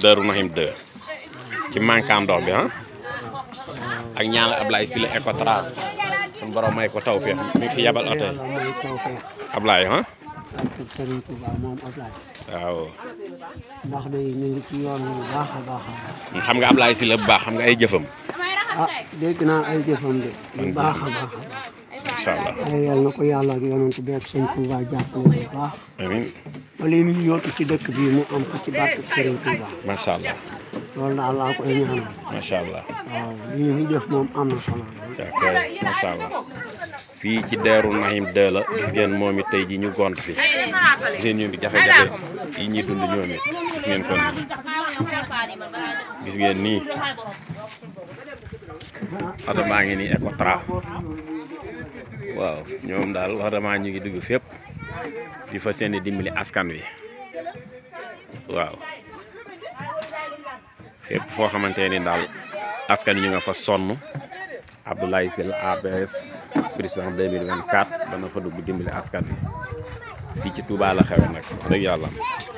Daaru Nahim 2 ci manquant ndox bi ah ak ñaanal Ablaye Sylla Ecotra suñu borom may ko taw fii mi ngi yabal oto yi Ablaye ah. waaw. ndax day ñu ngi ci yoon bu baax a baax a xam nga Ablaye Sylla bu baax xam nga ay jëfam. ah dégg naa ay jëfam de. bu baax a baax. incha allah yal na ko yàlla ak yonent bi ak sëñ Touba jàppale bu baax. amiin wala yi ñu yóotu ci dëkk bii mu am ko ci barke Sëriñ Touba. macha allah. loolu daal laa koy ñaanal. macha moom am na fii ci Daaru Nahim de la gis ngeen moom it tey ji ñu gont fi gis ngeen ñoom it jafe yi ñuy dund ñoom gis ngeen nii oto baa ngi nii Ecotra waaw ñoom daal wax damaa ñu ngi dugg fépp di fa yéene dimbali askan wi waaw fépp foo xamante ne daal askan wi ñu nga fa sonn Abdoulaye Sylla APS président 2024 dana fa dugg dimbali askan wi fii ci Touba la xewe nag wax dëgg yàlla